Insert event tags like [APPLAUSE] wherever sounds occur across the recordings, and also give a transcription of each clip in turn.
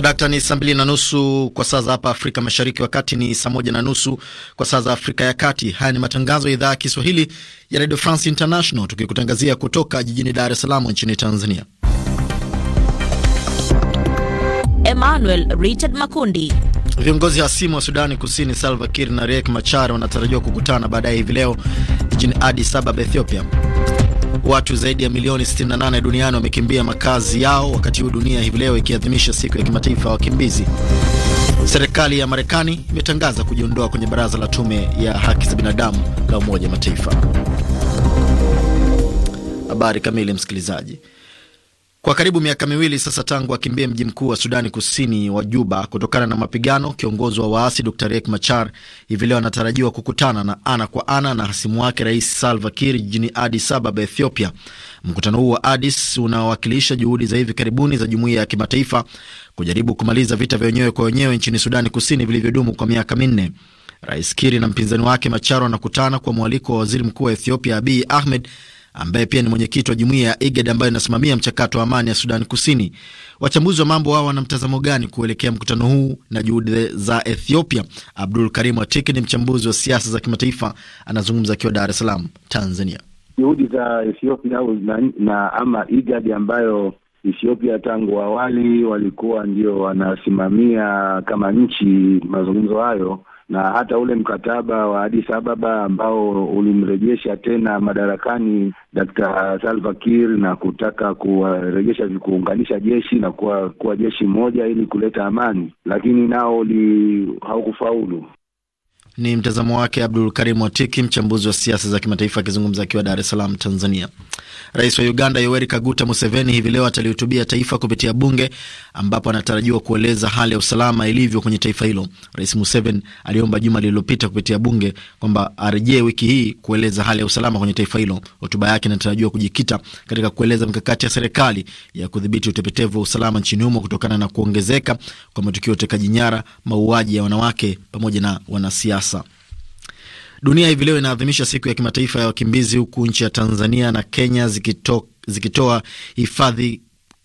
dakta ni saa mbili na nusu kwa saa za hapa Afrika Mashariki, wakati ni saa moja na nusu kwa saa za Afrika ya Kati. Haya ni matangazo ya idhaa ya Kiswahili ya Radio France International, tukikutangazia kutoka jijini Dar es Salaam nchini Tanzania. Emmanuel Richard Makundi. Viongozi hasimu wa Sudani Kusini Salva Kiir na Riek Machar wanatarajiwa kukutana baadaye hivi leo jijini Addis Ababa, Ethiopia. Watu zaidi ya milioni 68 duniani wamekimbia makazi yao, wakati huu dunia hivi leo ikiadhimisha siku ya kimataifa ya wakimbizi. Serikali ya Marekani imetangaza kujiondoa kwenye baraza la tume ya haki za binadamu la Umoja Mataifa. Habari kamili, msikilizaji. Kwa karibu miaka miwili sasa tangu akimbie mji mkuu wa Sudani Kusini wa Juba kutokana na mapigano, kiongozi wa waasi Dr Riek Machar hivi leo anatarajiwa kukutana na ana kwa ana na hasimu wake Rais Salva Kiir jijini Adis Ababa, Ethiopia. Mkutano huu wa adis unawakilisha juhudi za hivi karibuni za jumuiya ya kimataifa kujaribu kumaliza vita vya wenyewe kwa wenyewe nchini Sudani Kusini vilivyodumu kwa miaka minne. Rais Kiir na mpinzani wake Machar wanakutana kwa mwaliko wa waziri mkuu wa Ethiopia Abiy Ahmed ambaye pia ni mwenyekiti wa jumuiya ya IGAD ambayo inasimamia mchakato wa amani ya Sudan Kusini. Wachambuzi wa mambo hao wana mtazamo gani kuelekea mkutano huu na juhudi za Ethiopia? Abdul Karim Atiki ni mchambuzi wa siasa za kimataifa, anazungumza akiwa Dar es Salaam, Tanzania. Juhudi za Ethiopia au na, na ama IGAD ambayo Ethiopia tangu awali walikuwa ndio wanasimamia kama nchi mazungumzo hayo na hata ule mkataba wa Addis Ababa ambao ulimrejesha tena madarakani Dkt. Salva Kiir na kutaka kuwarejesha kuunganisha jeshi na kuwa, kuwa jeshi moja ili kuleta amani, lakini nao haukufaulu. Ni mtazamo wake Abdul Karim Watiki, mchambuzi wa siasa za kimataifa, akizungumza akiwa Dar es Salaam, Tanzania. Rais wa Uganda Yoweri Kaguta Museveni hivi leo atalihutubia taifa kupitia bunge, ambapo anatarajiwa kueleza hali ya usalama ilivyo kwenye taifa hilo. Rais Museveni aliomba juma lililopita kupitia bunge kwamba arejee wiki hii kueleza hali ya usalama kwenye taifa hilo. Hotuba yake inatarajiwa kujikita katika kueleza mikakati ya serikali ya kudhibiti utepetevu wa usalama nchini humo kutokana na kuongezeka kwa matukio ya utekaji nyara, mauaji ya wanawake pamoja na wanasiasa. Mombasa. Dunia hivi leo inaadhimisha siku ya kimataifa ya wakimbizi, huku nchi ya Tanzania na Kenya zikito, zikitoa hifadhi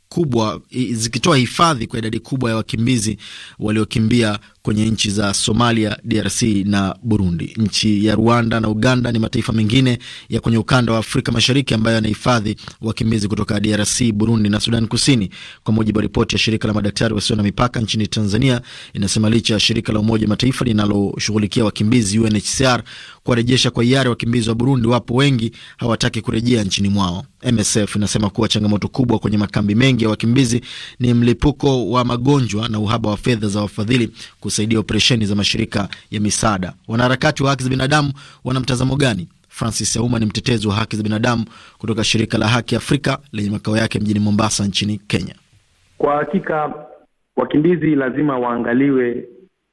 kubwa zikitoa hifadhi kwa idadi kubwa ya wakimbizi waliokimbia kwenye nchi za Somalia, DRC na Burundi. Nchi ya Rwanda na Uganda ni mataifa mengine ya kwenye ukanda wa Afrika Mashariki ambayo yanahifadhi wakimbizi kutoka DRC, Burundi na Sudan Kusini. Kwa mujibu wa ripoti ya shirika la madaktari wasio na mipaka nchini Tanzania, inasema licha ya shirika la Umoja Mataifa linaloshughulikia wakimbizi UNHCR kuwarejesha kwa hiari wakimbizi wa Burundi, wapo wengi hawataki kurejea nchini mwao. MSF inasema kuwa changamoto kubwa kwenye makambi mengi ya wakimbizi ni mlipuko wa magonjwa na uhaba wa fedha za wafadhili kusaidia operesheni za mashirika ya misaada. Wanaharakati wa haki za binadamu wana mtazamo gani? Francis Auma ni mtetezi wa haki za binadamu kutoka shirika la Haki Afrika lenye makao yake mjini Mombasa nchini Kenya. Kwa hakika wakimbizi lazima waangaliwe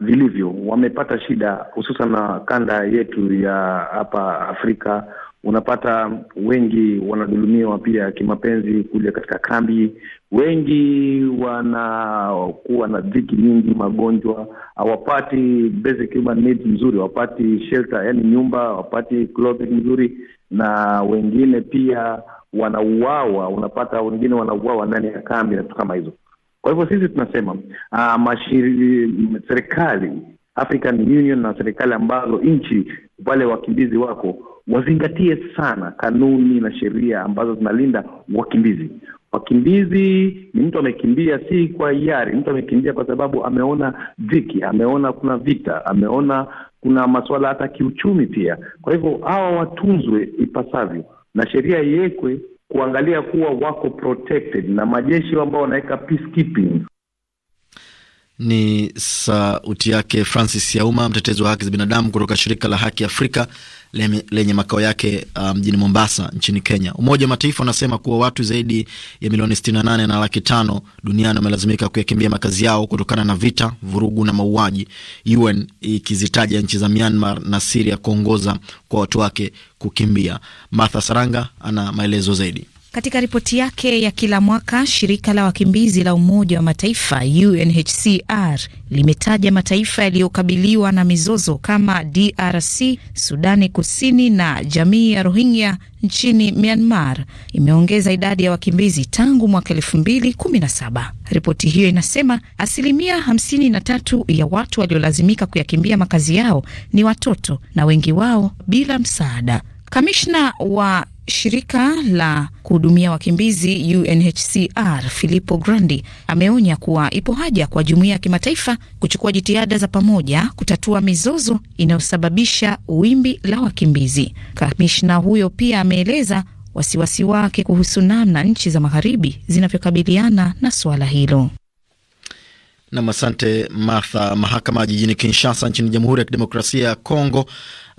vilivyo, wamepata shida hususan na kanda yetu ya hapa Afrika unapata wengi wanadhulumiwa pia kimapenzi kuja katika kambi, wengi wanakuwa na dhiki nyingi, magonjwa, hawapati basic human needs mzuri, hawapati shelter, yani nyumba, hawapati clothing mzuri, na wengine pia wanauawa, unapata wengine wanauawa ndani ya kambi na vitu kama hizo. Kwa hivyo sisi tunasema ah, serikali African Union na serikali ambazo nchi wale wakimbizi wako wazingatie sana kanuni na sheria ambazo zinalinda wakimbizi. Wakimbizi ni mtu amekimbia, si kwa hiari. Mtu amekimbia kwa sababu ameona dhiki, ameona kuna vita, ameona kuna masuala hata kiuchumi pia. Kwa hivyo hawa watunzwe ipasavyo na sheria iwekwe kuangalia kuwa wako protected na majeshi ambao wanaweka peacekeeping ni sauti yake Francis Yauma, mtetezi wa haki za binadamu kutoka shirika la Haki Afrika lenye, makao yake uh, mjini um, Mombasa nchini Kenya. Umoja wa Mataifa unasema kuwa watu zaidi ya milioni 68 na laki tano duniani wamelazimika kuyakimbia makazi yao kutokana na vita, vurugu na mauaji, UN ikizitaja nchi za Myanmar na Siria kuongoza kwa watu wake kukimbia. Martha Saranga ana maelezo zaidi. Katika ripoti yake ya kila mwaka, shirika la wakimbizi la Umoja wa Mataifa UNHCR limetaja mataifa yaliyokabiliwa na mizozo kama DRC, Sudani Kusini na jamii ya Rohingya nchini Myanmar imeongeza idadi ya wakimbizi tangu mwaka saba. Ripoti hiyo inasema asilimia 53 ya watu waliolazimika kuyakimbia makazi yao ni watoto na wengi wao bila msaada. Kamishna wa Shirika la kuhudumia wakimbizi UNHCR Filippo Grandi ameonya kuwa ipo haja kwa jumuiya ya kimataifa kuchukua jitihada za pamoja kutatua mizozo inayosababisha wimbi la wakimbizi. Kamishna huyo pia ameeleza wasiwasi wake kuhusu namna nchi za magharibi zinavyokabiliana na suala hilo. Nam, asante Martha. Mahakama jijini Kinshasa nchini Jamhuri ya Kidemokrasia ya Kongo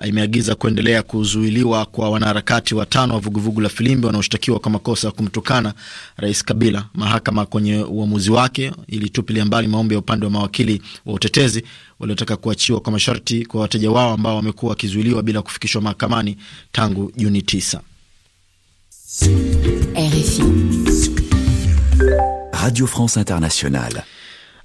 imeagiza kuendelea kuzuiliwa kwa wanaharakati watano wa vuguvugu la Filimbi wanaoshtakiwa kwa makosa ya kumtukana Rais Kabila. Mahakama kwenye uamuzi wake ilitupilia mbali maombi ya upande wa mawakili wa utetezi waliotaka kuachiwa kwa masharti kwa wateja wao ambao wamekuwa wakizuiliwa bila kufikishwa mahakamani tangu Juni 9. Radio France Internationale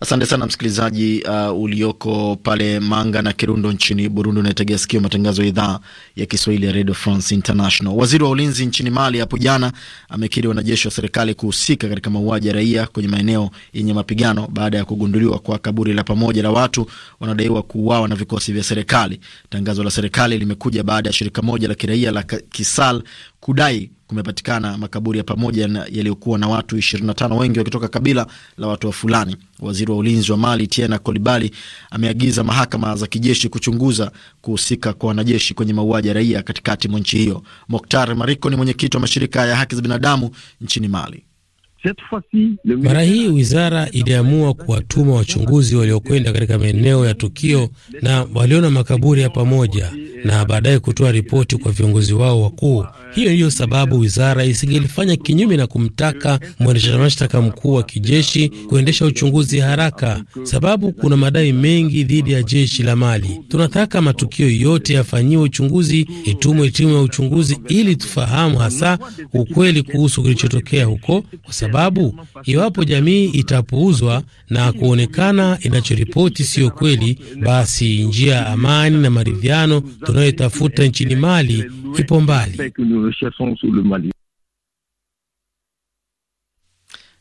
Asante sana msikilizaji uh, ulioko pale Manga na Kirundo nchini Burundi, unayetegea sikio matangazo ya idhaa ya Kiswahili ya Radio France International. Waziri wa ulinzi nchini Mali hapo jana amekiri wanajeshi wa serikali kuhusika katika mauaji ya raia kwenye maeneo yenye mapigano baada ya kugunduliwa kwa kaburi la pamoja la watu wanadaiwa kuuawa na vikosi vya serikali. Tangazo la serikali limekuja baada ya shirika moja la kiraia la Kisal kudai kumepatikana makaburi ya pamoja yaliyokuwa na watu 25 wengi wakitoka kabila la watu wa Fulani. Waziri wa ulinzi wa Mali Tiena Kolibali ameagiza mahakama za kijeshi kuchunguza kuhusika kwa wanajeshi kwenye mauaji ya raia katikati mwa nchi hiyo. Moktar Mariko ni mwenyekiti wa mashirika ya haki za binadamu nchini Mali. Mara hii wizara iliamua kuwatuma wachunguzi waliokwenda katika maeneo ya tukio na waliona makaburi ya pamoja na baadaye kutoa ripoti kwa viongozi wao wakuu. Hiyo ndiyo sababu wizara isingelifanya kinyume na kumtaka mwendesha mashtaka mkuu wa kijeshi kuendesha uchunguzi haraka, sababu kuna madai mengi dhidi ya jeshi la Mali. Tunataka matukio yote yafanyiwe uchunguzi, itumwe timu ya uchunguzi ili tufahamu hasa ukweli kuhusu kilichotokea huko kwa sababu sababu iwapo jamii itapuuzwa na kuonekana inachoripoti siyo kweli, basi njia ya amani na maridhiano tunayotafuta nchini Mali ipo mbali.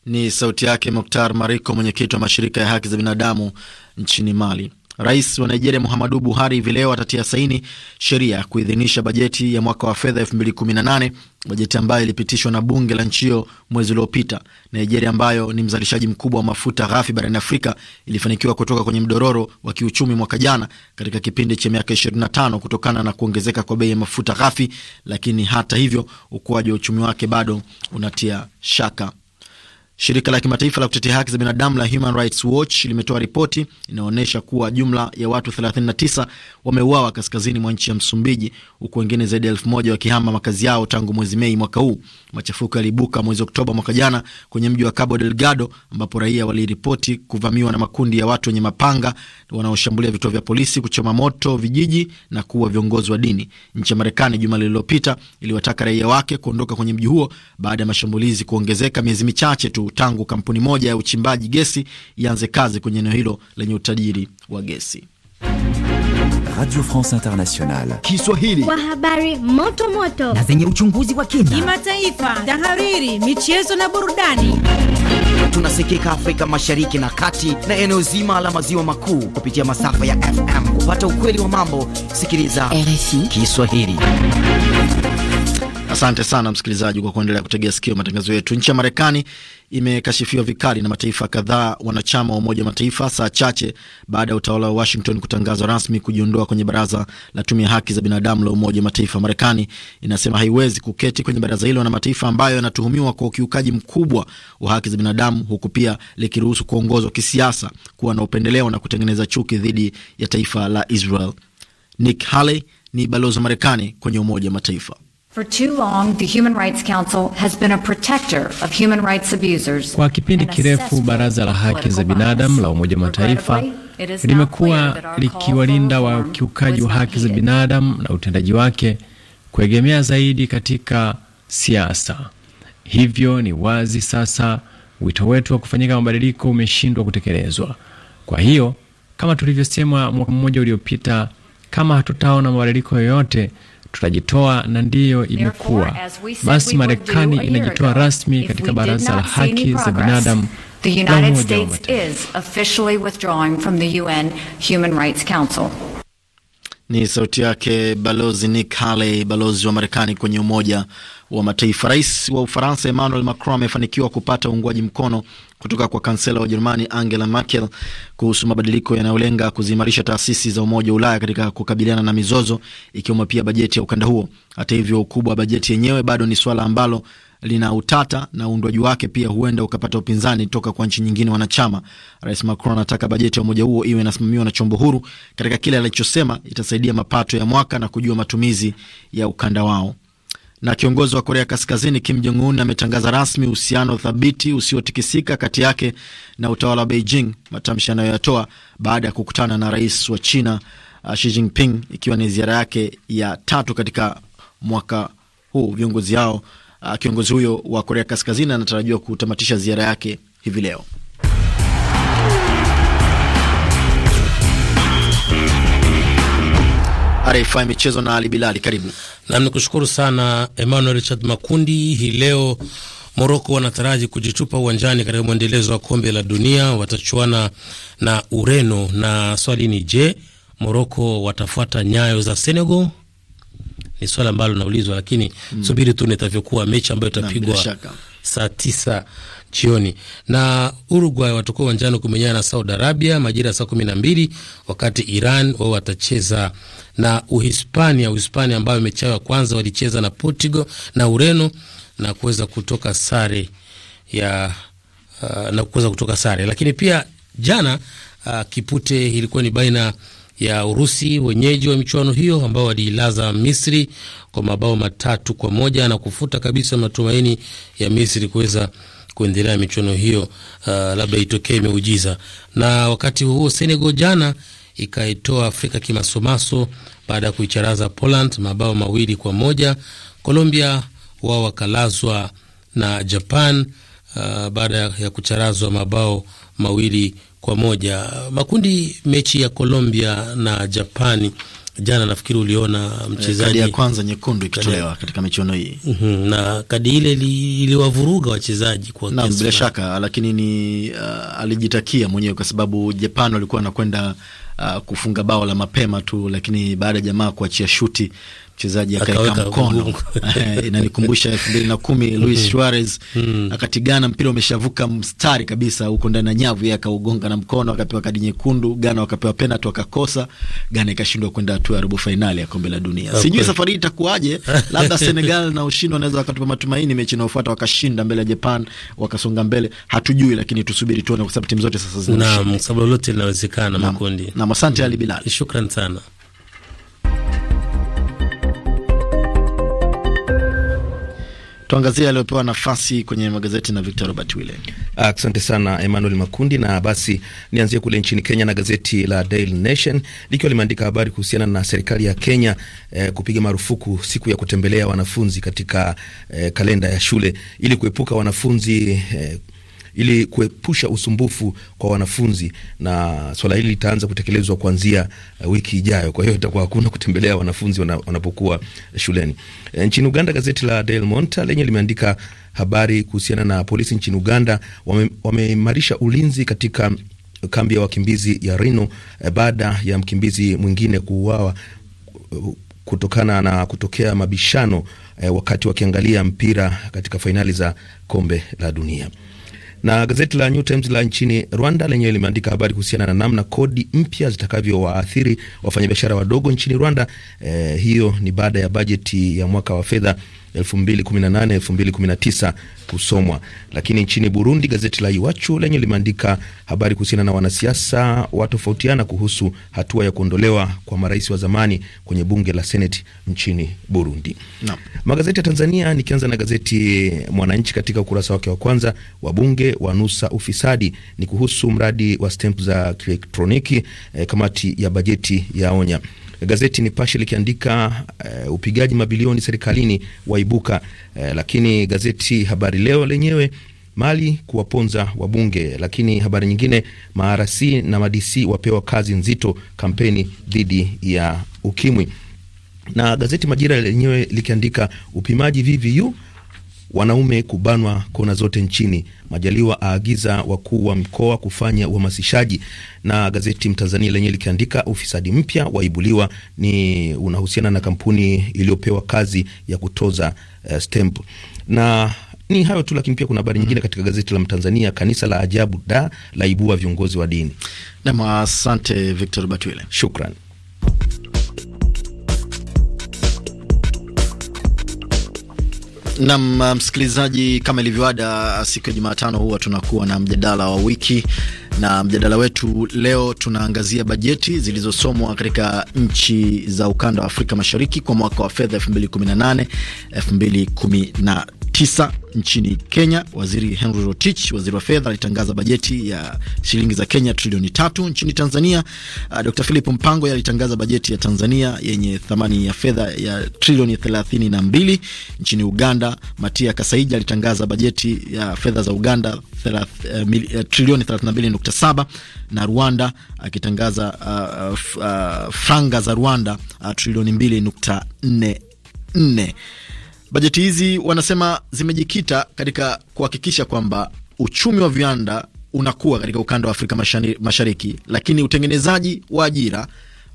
Ni sauti yake Moktar Mariko, mwenyekiti wa mashirika ya haki za binadamu nchini Mali. Rais wa Nigeria Muhammadu Buhari hivi leo atatia saini sheria ya kuidhinisha bajeti ya mwaka wa fedha 2018, bajeti ambayo ilipitishwa na bunge la nchi hiyo mwezi uliopita. Nigeria ambayo ni mzalishaji mkubwa wa mafuta ghafi barani Afrika ilifanikiwa kutoka kwenye mdororo wa kiuchumi mwaka jana katika kipindi cha miaka 25 kutokana na kuongezeka kwa bei ya mafuta ghafi, lakini hata hivyo ukuaji wa uchumi wake bado unatia shaka. Shirika la kimataifa la kutetea haki za binadamu la Human Rights Watch limetoa ripoti inaonyesha kuwa jumla ya watu 39 wameuawa kaskazini mwa nchi ya Msumbiji, huku wengine zaidi ya elfu moja wakihama makazi yao tangu mwezi Mei mwaka huu. Machafuko yaliibuka mwezi Oktoba mwaka jana kwenye mji wa Cabo Delgado, ambapo raia waliripoti kuvamiwa na makundi ya watu wenye mapanga wanaoshambulia vituo vya polisi, kuchoma moto vijiji na kuua viongozi wa dini. Nchi ya Marekani juma lililopita iliwataka raia wake kuondoka kwenye mji huo baada ya mashambulizi kuongezeka miezi michache tu tangu kampuni moja ya uchimbaji gesi ianze kazi kwenye eneo hilo lenye utajiri wa gesi. Radio France Internationale Kiswahili, kwa habari moto moto na zenye uchunguzi wa kina, kimataifa, tahariri, michezo na burudani. Tunasikika Afrika Mashariki na Kati na eneo zima la maziwa makuu kupitia masafa ya FM. Kupata ukweli wa mambo, sikiliza RFI Kiswahili. Asante sana msikilizaji kwa kuendelea kutegea sikio matangazo yetu. Nchi ya Marekani imekashifiwa vikali na mataifa kadhaa wanachama wa Umoja wa Mataifa saa chache baada ya utawala wa Washington kutangaza rasmi kujiondoa kwenye Baraza la Tume ya Haki za Binadamu la Umoja wa Mataifa. Marekani inasema haiwezi kuketi kwenye baraza hilo na mataifa ambayo yanatuhumiwa kwa ukiukaji mkubwa wa haki za binadamu, huku pia likiruhusu kuongozwa kisiasa, kuwa na upendeleo na kutengeneza chuki dhidi ya taifa la Israel. Nick Haley ni balozi wa Marekani kwenye Umoja wa Mataifa. Kwa kipindi kirefu baraza la haki za binadamu la Umoja Mataifa limekuwa likiwalinda wakiukaji wa haki za binadamu na utendaji wake kuegemea zaidi katika siasa. Hivyo ni wazi sasa wito wetu wa kufanyika mabadiliko umeshindwa kutekelezwa. Kwa hiyo kama tulivyosema mwaka mmoja uliopita, kama hatutaona mabadiliko yoyote tutajitoa na ndiyo imekuwa. Basi Marekani inajitoa rasmi katika Baraza la Haki za Binadamu la Umoja wa Mataifa. Ni sauti yake Balozi Nick Haley, balozi wa Marekani kwenye Umoja wa Mataifa. Rais wa Ufaransa Emmanuel Macron amefanikiwa kupata uungwaji mkono kutoka kwa kansela wa Ujerumani Angela Merkel kuhusu mabadiliko yanayolenga kuzimarisha taasisi za Umoja wa Ulaya katika kukabiliana na mizozo ikiwemo pia bajeti ya ukanda huo. Hata hivyo, ukubwa wa bajeti yenyewe bado ni suala ambalo lina utata na uundwaji wake pia huenda ukapata upinzani toka kwa nchi nyingine wanachama. Rais Macron anataka bajeti ya umoja huo iwe inasimamiwa na chombo huru katika kile alichosema itasaidia mapato ya mwaka na kujua matumizi ya ukanda wao. Na kiongozi wa Korea Kaskazini Kim Jong Un ametangaza rasmi uhusiano thabiti usiotikisika kati yake na utawala wa Beijing, matamshi anayoyatoa baada ya kukutana na rais wa China uh, Xi Jinping, ikiwa ni ziara yake ya tatu katika mwaka huu. Viongozi hao uh, kiongozi huyo wa Korea Kaskazini anatarajiwa kutamatisha ziara yake hivi leo. RFI Michezo na Ali Bilali, karibu. Nam ni kushukuru sana Emmanuel Richard Makundi. Hii leo Moroko wanataraji kujitupa uwanjani katika mwendelezo wa kombe la dunia, watachuana na Ureno na swali ni je, Moroko watafuata nyayo za Senegal? Ni swala ambalo naulizwa, lakini mm, subiri tu nitavyokuwa mechi ambayo itapigwa saa tisa jioni. Na Uruguay watakuwa uwanjani kumenyana na Saudi Arabia majira ya saa kumi na mbili wakati Iran wao watacheza na Uhispania. Uhispania ambayo mechi yao ya kwanza walicheza na Portugal na Ureno na kuweza kutoka sare ya uh, na kuweza kutoka sare, lakini pia jana uh, kipute ilikuwa ni baina ya Urusi wenyeji wa michuano hiyo ambao waliilaza Misri kwa mabao matatu kwa moja na kufuta kabisa matumaini ya Misri kuweza kuendelea michuano hiyo uh, labda itokee imeujiza. Na wakati huo Senegal jana ikaitoa Afrika kimasomaso baada ya kuicharaza Poland mabao mawili kwa moja. Colombia wao wakalazwa na Japan uh, baada ya kucharazwa mabao mawili kwa moja. Makundi mechi ya Colombia na Japani Jana nafikiri uliona mchezaji ya kwanza nyekundu ikitolewa katika michuano hii mm -hmm. na kadi ile iliwavuruga wachezaji kwa na bila shaka, lakini ni uh, alijitakia mwenyewe kwa sababu Japan walikuwa wanakwenda uh, kufunga bao la mapema tu, lakini baada ya jamaa kuachia shuti mchezaji akaweka mkono [LAUGHS] eh, inanikumbusha elfu mbili na kumi Luis hmm. Suarez hmm. akatigana mpira umeshavuka mstari kabisa huko ndani ya nyavu, yeye akaugonga na mkono, akapewa kadi nyekundu. Gana wakapewa penalti wakakosa, Gana ikashindwa kwenda hatua ya robo fainali ya kombe la dunia. Okay. Ah, Sijui safari hii itakuwaje, [LAUGHS] labda Senegal na ushindi wanaweza wakatupa matumaini, mechi inayofuata wakashinda mbele ya Japan, wakasonga mbele, hatujui, lakini tusubiri tuone, kwa sababu timu zote sasa zinashinda. naam, sababu lolote linawezekana makundi. Na asante Ali Bilal, shukran sana. Tuangazie aliyopewa nafasi kwenye magazeti na Victor Robert Wile. Asante sana Emmanuel Makundi, na basi nianzie kule nchini Kenya na gazeti la Daily Nation likiwa limeandika habari kuhusiana na serikali ya Kenya eh, kupiga marufuku siku ya kutembelea wanafunzi katika eh, kalenda ya shule ili kuepuka wanafunzi eh, ili kuepusha usumbufu kwa wanafunzi, na swala hili litaanza kutekelezwa kuanzia uh, wiki ijayo. Kwa hiyo itakuwa hakuna kutembelea wanafunzi wanapokuwa shuleni. Eh, nchini Uganda, gazeti la Daily Monitor lenye limeandika habari kuhusiana na polisi nchini Uganda wameimarisha wame ulinzi katika kambi ya wakimbizi ya rino e, eh, baada ya mkimbizi mwingine kuuawa kutokana na kutokea mabishano e, wakati wakiangalia mpira katika fainali za kombe la dunia. Na gazeti la New Times la nchini Rwanda lenyewe limeandika habari kuhusiana na namna kodi mpya zitakavyowaathiri wafanyabiashara wadogo nchini Rwanda. Eh, hiyo ni baada ya bajeti ya mwaka wa fedha 2018 2019 kusomwa. Lakini nchini Burundi, gazeti la Iwachu lenye limeandika habari kuhusiana na wanasiasa watofautiana kuhusu hatua ya kuondolewa kwa marais wa zamani kwenye bunge la seneti nchini Burundi. No. Magazeti ya Tanzania, nikianza na gazeti Mwananchi, katika ukurasa wake wa kwanza, wabunge wanusa ufisadi, ni kuhusu mradi wa stamp za kielektroniki. Eh, kamati ya bajeti yaonya gazeti Nipashe likiandika uh, upigaji mabilioni serikalini waibuka. Uh, lakini gazeti Habari Leo lenyewe mali kuwaponza wabunge. Lakini habari nyingine, ma na madc wapewa kazi nzito kampeni dhidi ya ukimwi, na gazeti Majira lenyewe likiandika upimaji VVU wanaume kubanwa kona zote nchini. Majaliwa aagiza wakuu wa mkoa kufanya uhamasishaji. Na gazeti Mtanzania lenye likiandika ufisadi mpya waibuliwa, ni unahusiana na kampuni iliyopewa kazi ya kutoza uh, stamp na ni hayo tu, lakini pia kuna habari nyingine mm-hmm. katika gazeti la Mtanzania, kanisa la ajabu da laibua viongozi wa dini nam. Asante Victor Batwile, shukran. Nam uh, msikilizaji, kama ilivyoada, siku ya Jumatano huwa tunakuwa na mjadala wa wiki, na mjadala wetu leo tunaangazia bajeti zilizosomwa katika nchi za ukanda wa Afrika Mashariki kwa mwaka wa fedha 2018 2019 tisa nchini Kenya. Waziri Henry Rotich, waziri wa fedha, alitangaza bajeti ya shilingi za Kenya trilioni tatu. Nchini Tanzania, uh, ah, Dr Philip Mpango alitangaza bajeti ya Tanzania yenye thamani ya fedha ya trilioni thelathini na mbili. Nchini Uganda, Matia Kasaija alitangaza bajeti ya fedha za Uganda thelath, uh, na mbili trilioni 32.7 na Rwanda akitangaza uh, uh, uh, franga za Rwanda uh, trilioni 2.44. Bajeti hizi wanasema zimejikita katika kuhakikisha kwamba uchumi wa viwanda unakuwa katika ukanda wa Afrika Mashariki, lakini utengenezaji wa ajira,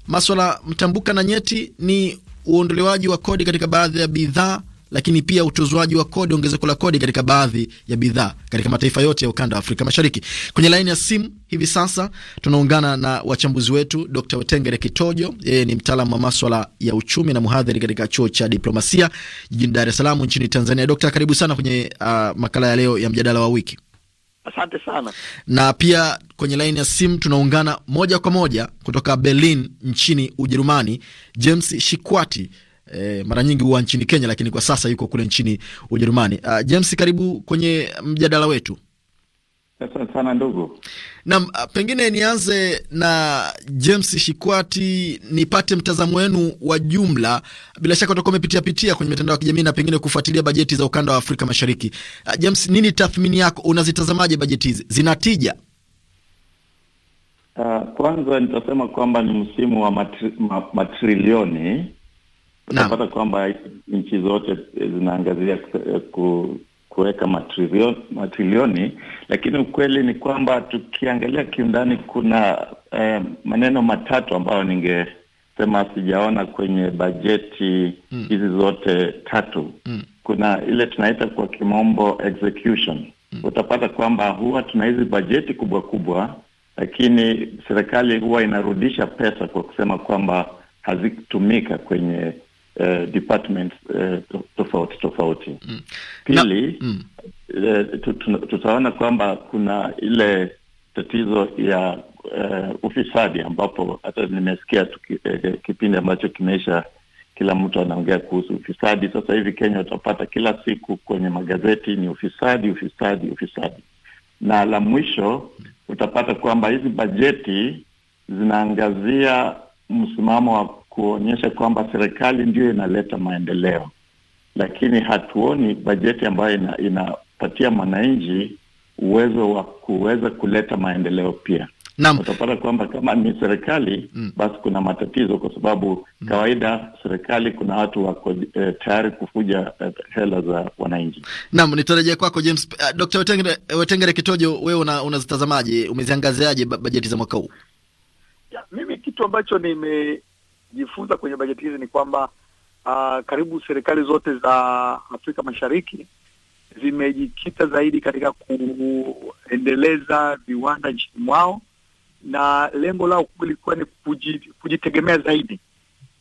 maswala mtambuka na nyeti ni uondolewaji wa kodi katika baadhi ya bidhaa lakini pia utozwaji wa kodi, ongezeko la kodi katika baadhi ya bidhaa katika mataifa yote ya ukanda wa Afrika Mashariki. Kwenye laini ya simu hivi sasa tunaungana na wachambuzi wetu, Dr Wetengere Kitojo, yeye ni mtaalamu wa maswala ya uchumi na mhadhiri katika chuo cha diplomasia jijini Dar es Salaam nchini Tanzania. Dokta, karibu sana kwenye uh, makala ya leo ya mjadala wa wiki. Asante sana. Na pia kwenye laini ya simu tunaungana moja kwa moja kutoka Berlin nchini Ujerumani, James Shikwati eh, mara nyingi huwa nchini Kenya, lakini kwa sasa yuko kule nchini Ujerumani. Uh, James, karibu kwenye mjadala wetu. Asante sana ndugu. Naam, ah, pengine nianze na James Shikwati nipate mtazamo wenu wa jumla. Bila shaka utakuwa umepitia pitia kwenye mitandao ya kijamii na pengine kufuatilia bajeti za ukanda wa Afrika Mashariki. Uh, James, nini tathmini yako? Unazitazamaje bajeti hizi? Zina tija? Uh, kwanza nitasema kwamba ni msimu wa matri, ma, matrilioni utapata kwamba nchi zote zinaangazia ku, kuweka matrilioni, matrilioni, lakini ukweli ni kwamba tukiangalia kiundani kuna eh, maneno matatu ambayo ningesema sijaona kwenye bajeti mm. hizi zote tatu mm. Kuna ile tunaita kwa kimombo execution mm. Utapata kwamba huwa tuna hizi bajeti kubwa kubwa, lakini serikali huwa inarudisha pesa kwa kusema kwamba hazitumika kwenye uh, eh, departments uh, eh, tofauti tofauti. Mm. Pili mm. Eh, tutaona kwamba kuna ile tatizo ya uh, ufisadi ambapo hata nimesikia tuki, uh, kipindi ambacho kimeisha, kila mtu anaongea kuhusu ufisadi. Sasa hivi Kenya utapata kila siku kwenye magazeti ni ufisadi, ufisadi, ufisadi. Na la mwisho utapata kwamba hizi bajeti zinaangazia msimamo wa kuonyesha kwamba serikali ndio inaleta maendeleo, lakini hatuoni bajeti ambayo ina, inapatia mwananchi uwezo wa kuweza kuleta maendeleo pia. Naam. Utapata kwamba kama ni serikali mm, basi kuna matatizo kwa sababu mm, kawaida serikali kuna watu wako e, tayari kufuja e, hela za wananchi. Naam, nitarejea kwako James. Uh, eh, Dr. Wetengere, Wetengere Kitojo, wewe unazitazamaje, una umeziangaziaje bajeti za mwaka huu? mimi kitu ambacho nime kujifunza kwenye bajeti hizi ni kwamba uh, karibu serikali zote za Afrika Mashariki zimejikita zaidi katika kuendeleza viwanda nchini mwao, na lengo lao kubwa lilikuwa ni kujitegemea zaidi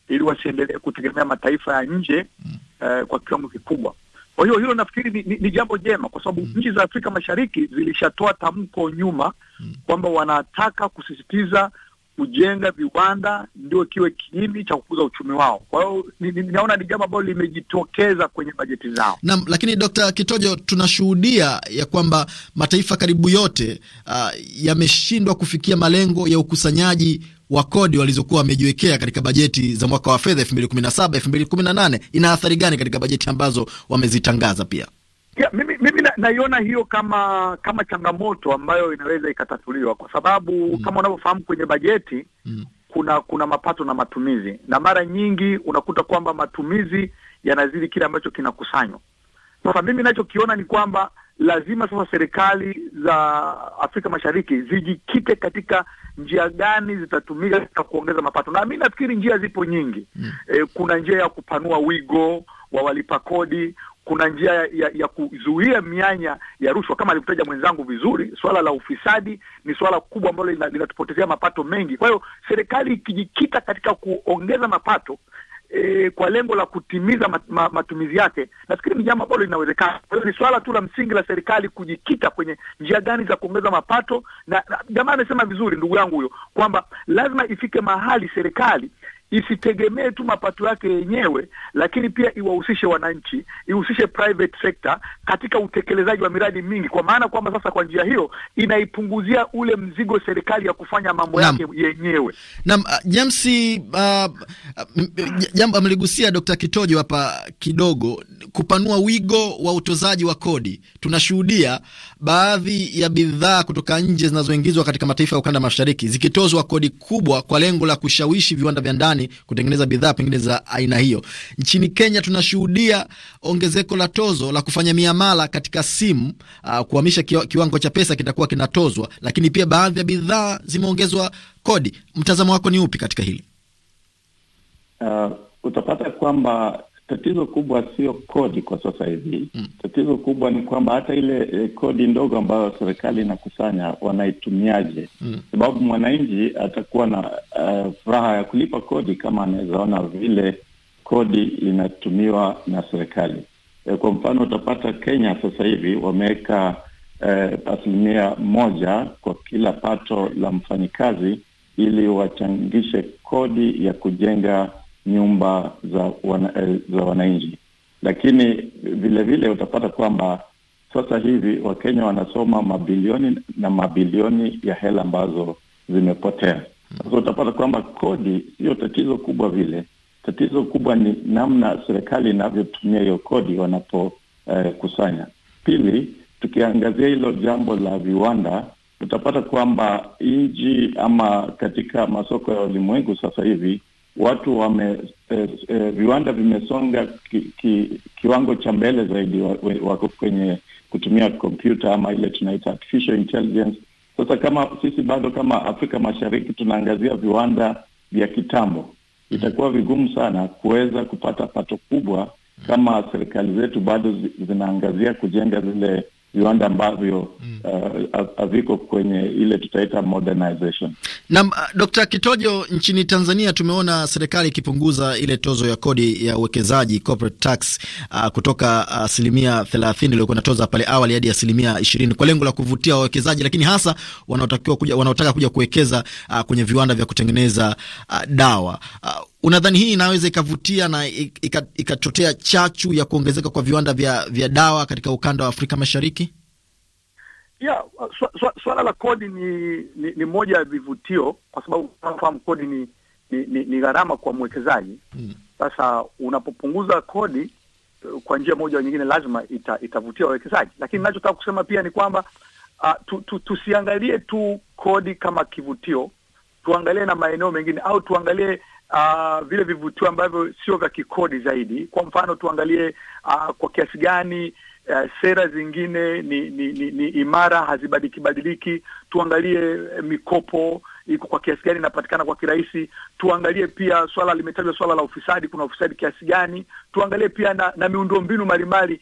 ili wasiendelee kutegemea mataifa ya nje mm. uh, kwa kiwango kikubwa. Kwa hiyo hilo nafikiri ni, ni, ni jambo jema kwa sababu mm. nchi za Afrika Mashariki zilishatoa tamko nyuma mm. kwamba wanataka kusisitiza kujenga viwanda ndio kiwe kiini cha kukuza uchumi wao. Kwa hiyo ni, ni jambo ambalo limejitokeza kwenye bajeti zao. Naam, lakini Dr. Kitojo, tunashuhudia ya kwamba mataifa karibu yote uh, yameshindwa kufikia malengo ya ukusanyaji wa kodi walizokuwa wamejiwekea katika bajeti za mwaka wa fedha 2017 2018. Ina athari gani katika bajeti ambazo wamezitangaza pia? Yeah, mimi, mimi naiona hiyo kama kama changamoto ambayo inaweza ikatatuliwa kwa sababu mm. kama unavyofahamu kwenye bajeti mm. kuna kuna mapato na matumizi, na mara nyingi unakuta kwamba matumizi yanazidi kile ambacho kinakusanywa. Sasa mimi nachokiona ni kwamba lazima sasa serikali za Afrika Mashariki zijikite katika njia gani zitatumika katika kuongeza mapato, na mi nafikiri njia zipo nyingi mm. E, kuna njia ya kupanua wigo wa walipa kodi, kuna njia ya, ya, ya kuzuia mianya ya rushwa. Kama alivyotaja mwenzangu vizuri, swala la ufisadi ni swala kubwa ambalo linatupotezea mapato mengi. Kwa hiyo serikali ikijikita katika kuongeza mapato E, kwa lengo la kutimiza mat, ma, matumizi yake, nafikiri ni jambo ambalo linawezekana. Kwa hiyo ni swala tu la msingi la serikali kujikita kwenye njia gani za kuongeza mapato, na jamaa amesema vizuri ndugu yangu huyo kwamba lazima ifike mahali serikali isitegemee tu mapato yake yenyewe, lakini pia iwahusishe wananchi, ihusishe private sector katika utekelezaji wa miradi mingi, kwa maana kwamba sasa kwa njia hiyo inaipunguzia ule mzigo serikali ya kufanya mambo yake yenyewe. Naam, uh, James, uh, uh, jambo ameligusia Dr. Kitojo hapa kidogo, kupanua wigo wa utozaji wa kodi. Tunashuhudia baadhi ya bidhaa kutoka nje zinazoingizwa katika mataifa ya ukanda mashariki zikitozwa kodi kubwa kwa lengo la kushawishi viwanda vya ndani Marekani kutengeneza bidhaa pengine za aina hiyo. Nchini Kenya tunashuhudia ongezeko la tozo la kufanya miamala katika simu uh, kuhamisha kiwango cha pesa kitakuwa kinatozwa, lakini pia baadhi ya bidhaa zimeongezwa kodi. Mtazamo wako ni upi katika hili? Uh, utapata kwamba Tatizo kubwa sio kodi kwa sasa hivi mm. Tatizo kubwa ni kwamba hata ile eh, kodi ndogo ambayo serikali inakusanya wanaitumiaje? mm. Sababu mwananchi atakuwa na uh, furaha ya kulipa kodi kama anawezaona vile kodi inatumiwa na serikali. E, kwa mfano utapata Kenya sasa hivi wameweka uh, asilimia moja kwa kila pato la mfanyikazi ili wachangishe kodi ya kujenga nyumba za wana, eh, za wananchi. Lakini vilevile vile utapata kwamba sasa hivi Wakenya wanasoma mabilioni na mabilioni ya hela ambazo zimepotea. Hmm. Sasa utapata kwamba kodi siyo tatizo kubwa vile, tatizo kubwa ni namna serikali inavyotumia hiyo kodi wanapokusanya. Eh, pili, tukiangazia hilo jambo la viwanda, utapata kwamba nchi ama katika masoko ya ulimwengu sasa hivi watu wame eh, eh, viwanda vimesonga ki, ki, kiwango cha mbele zaidi, wako kwenye kutumia kompyuta ama ile tunaita artificial intelligence. Sasa kama sisi bado kama Afrika Mashariki tunaangazia viwanda vya kitambo, itakuwa vigumu sana kuweza kupata pato kubwa kama serikali zetu bado zinaangazia kujenga zile viwanda ambavyo haviko mm. uh, kwenye ile tutaita modernization. Naam, uh, Dr. Kitojo, nchini Tanzania tumeona serikali ikipunguza ile tozo ya kodi ya uwekezaji corporate tax uh, kutoka asilimia uh, thelathini iliyokuwa inatoza pale awali hadi asilimia ishirini kwa lengo la kuvutia wawekezaji, lakini hasa wanaotakiwa kuja, wanaotaka kuja kuwekeza uh, kwenye viwanda vya kutengeneza uh, dawa uh, Unadhani hii inaweza ikavutia na ikachochea chachu ya kuongezeka kwa viwanda vya, vya dawa katika ukanda wa Afrika Mashariki? Yeah, swala swa, swa la kodi ni, ni ni moja ya vivutio kwa sababu unafahamu kodi ni ni, ni, ni gharama kwa mwekezaji. Hmm. Sasa hmm, unapopunguza kodi eh, kwa njia moja au nyingine lazima ita, itavutia wawekezaji, lakini ninachotaka kusema pia ni kwamba uh, tu, tu, tusiangalie tu kodi kama kivutio, tuangalie na maeneo mengine au tuangalie uh, vile vivutio ambavyo sio vya kikodi zaidi. Kwa mfano tuangalie uh, kwa kiasi gani uh, sera zingine ni, ni, ni, ni imara hazibadiliki badiliki. Tuangalie eh, mikopo iko kwa kiasi gani inapatikana kwa kirahisi. Tuangalie pia swala limetajwa, swala la ufisadi, kuna ufisadi kiasi gani? Tuangalie pia na, na miundombinu mbalimbali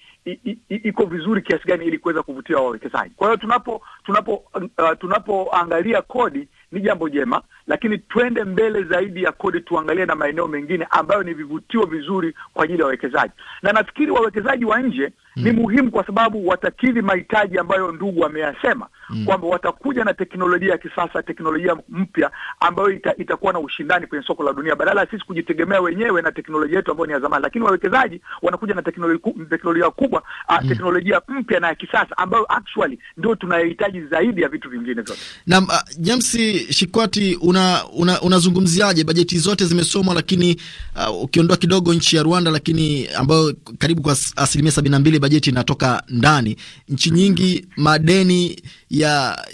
iko vizuri kiasi gani, ili kuweza kuvutia wawekezaji. Kwa hiyo tunapo tunapo uh, tunapoangalia kodi ni jambo jema, lakini twende mbele zaidi ya kodi, tuangalie na maeneo mengine ambayo ni vivutio vizuri kwa ajili ya wawekezaji, na nafikiri wawekezaji wa nje mm. ni muhimu kwa sababu watakidhi mahitaji ambayo ndugu ameyasema mm. kwamba watakuja na teknolojia ya kisasa, teknolojia mpya ambayo ita, itakuwa na ushindani kwenye soko la dunia, badala ya sisi kujitegemea wenyewe na teknolojia yetu ambayo ni ya zamani. Lakini wawekezaji wanakuja na teknolojia kubwa a, mm. teknolojia mpya na ya kisasa ambayo actually ndio tunahitaji zaidi ya vitu vingine vyote. Naam, uh, James Shikwati, unazungumziaje? una, una bajeti zote zimesomwa, lakini uh, ukiondoa kidogo nchi ya Rwanda, lakini ambayo karibu kwa asilimia sabini na mbili bajeti inatoka ndani. Nchi nyingi madeni ya,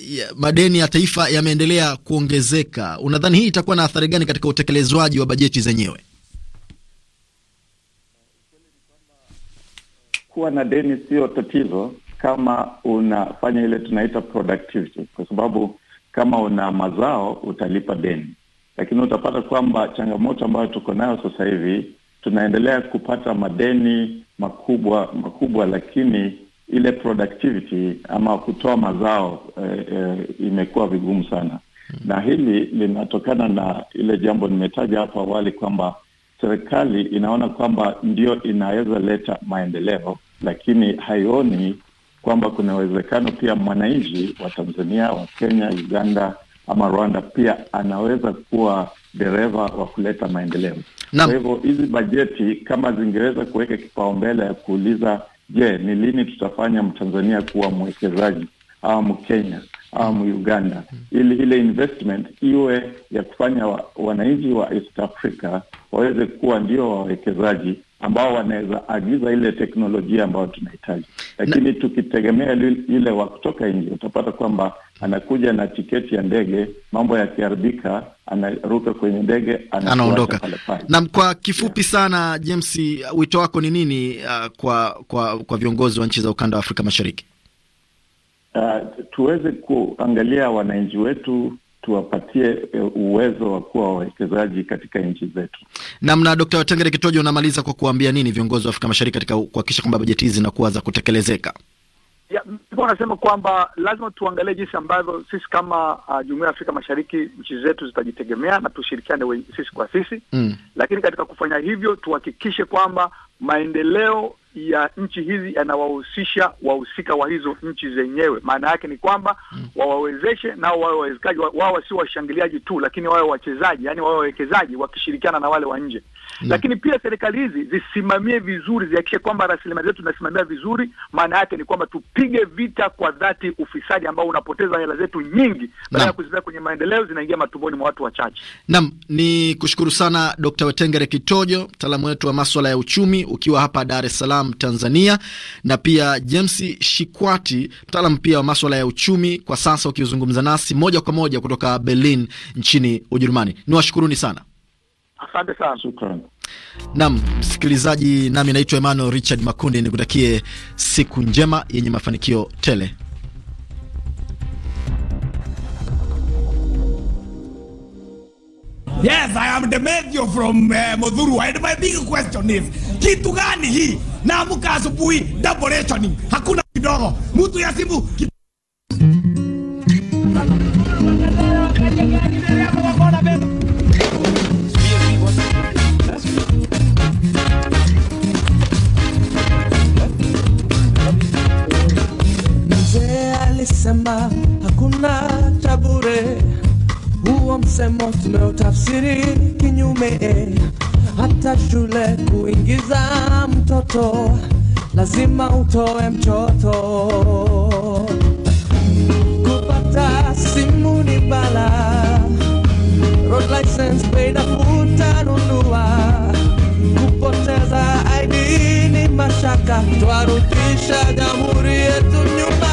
ya, madeni ya taifa yameendelea kuongezeka. Unadhani hii itakuwa na athari gani katika utekelezwaji wa bajeti zenyewe? Kuwa na deni sio tatizo kama unafanya ile tunaita productivity, kwa sababu kama una mazao utalipa deni, lakini utapata kwamba changamoto ambayo tuko nayo sasa hivi tunaendelea kupata madeni makubwa makubwa, lakini ile productivity ama kutoa mazao eh, eh, imekuwa vigumu sana hmm. Na hili linatokana na ile jambo nimetaja hapo awali kwamba serikali inaona kwamba ndio inaweza leta maendeleo, lakini haioni kwamba kuna uwezekano pia mwananchi wa Tanzania, wa Kenya, Uganda ama Rwanda pia anaweza kuwa dereva wa kuleta maendeleo. Kwa hivyo hizi bajeti kama zingeweza kuweka kipaumbele ya kuuliza, je, ni lini tutafanya mtanzania kuwa mwekezaji au mkenya au muganda, ili ile investment iwe ya kufanya wananchi wa East Africa waweze kuwa ndio wawekezaji ambao wanaweza agiza ile teknolojia ambayo tunahitaji, lakini na... tukitegemea ile wa kutoka nje, utapata kwamba anakuja na tiketi ya ndege, mambo yakiharibika, anaruka kwenye ndege, anaondoka nam. Kwa kifupi yeah, sana James, wito wako ni nini uh, kwa kwa kwa viongozi wa nchi za ukanda wa Afrika Mashariki? Uh, tuweze kuangalia wananchi wetu tuwapatie eh, uwezo wa kuwa wawekezaji katika nchi zetu. Namna Na Watengere Wetengere Kitojo, unamaliza kwa kuambia nini viongozi wa Afrika Mashariki katika kuhakikisha kwamba bajeti hizi zinakuwa za kutekelezeka? Anasema kwamba lazima tuangalie jinsi ambavyo sisi kama uh, jumuiya ya Afrika Mashariki nchi zetu zitajitegemea na tushirikiane sisi kwa sisi mm. Lakini katika kufanya hivyo tuhakikishe kwamba maendeleo ya nchi hizi yanawahusisha wahusika wa hizo nchi zenyewe. Maana yake ni kwamba mm, wawawezeshe nao wawe wawezekaji, wao wasio washangiliaji tu, lakini wawe wachezaji, yani wawe wawekezaji wakishirikiana na wale wa nje mm. Lakini pia serikali hizi zisimamie vizuri, zihakikishe kwamba rasilimali zetu zinasimamia vizuri. Maana yake ni kwamba tupige vita kwa dhati ufisadi ambao unapoteza hela zetu nyingi, badala ya kuziweka kwenye maendeleo, zinaingia matumboni mwa watu wachache. Naam, ni kushukuru sana Dr. Wetengere Kitojo, mtaalamu wetu wa maswala ya uchumi, ukiwa hapa Dar es Salaam Tanzania, na pia James Shikwati, mtaalamu pia wa maswala ya uchumi, kwa sasa ukizungumza nasi moja kwa moja kutoka Berlin nchini Ujerumani. Niwashukuruni sana. Asante sana, shukran. Nam msikilizaji, nami naitwa Emmanuel Richard Makundi, nikutakie siku njema yenye mafanikio tele. Yes, I am Demetrio from uh, and my big question is, kitu gani hii? Naamka asubuhi double rationing. Hakuna kidogo. Mtu ya simu alisema hakuna tabure. Huo msemo tumeutafsiri kinyume, hata shule kuingiza mtoto lazima utoe mchoto. Kupata simu ni bala, road license bei dafuta kupoteza ID ni mashaka, twarudisha jamhuri yetu nyuma.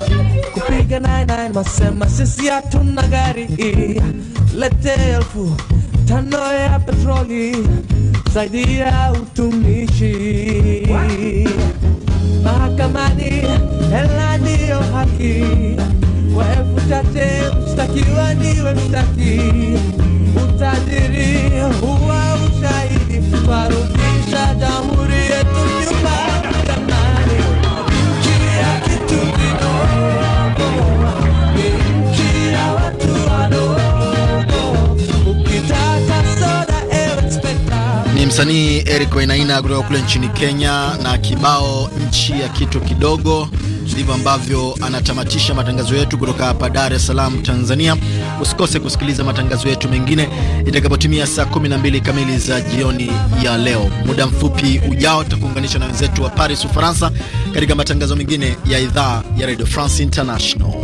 Napiga nine masema sisi hatuna gari, lete elfu tano ya petroli, ya utumishi mahakamani, hela ndiyo haki. Kwa elfu chache mshtakiwa ndiwe mshtaki, utajiri huwa ushahidi, parudisha damu Msanii Eric Wainaina kutoka kule nchini Kenya na kibao nchi ya kitu kidogo. Ndivyo ambavyo anatamatisha matangazo yetu kutoka hapa Dar es Salaam, Tanzania. Usikose kusikiliza matangazo yetu mengine itakapotimia saa 12 kamili za jioni ya leo. Muda mfupi ujao, tutakuunganisha na wenzetu wa Paris, Ufaransa, katika matangazo mengine ya idhaa ya Radio France International.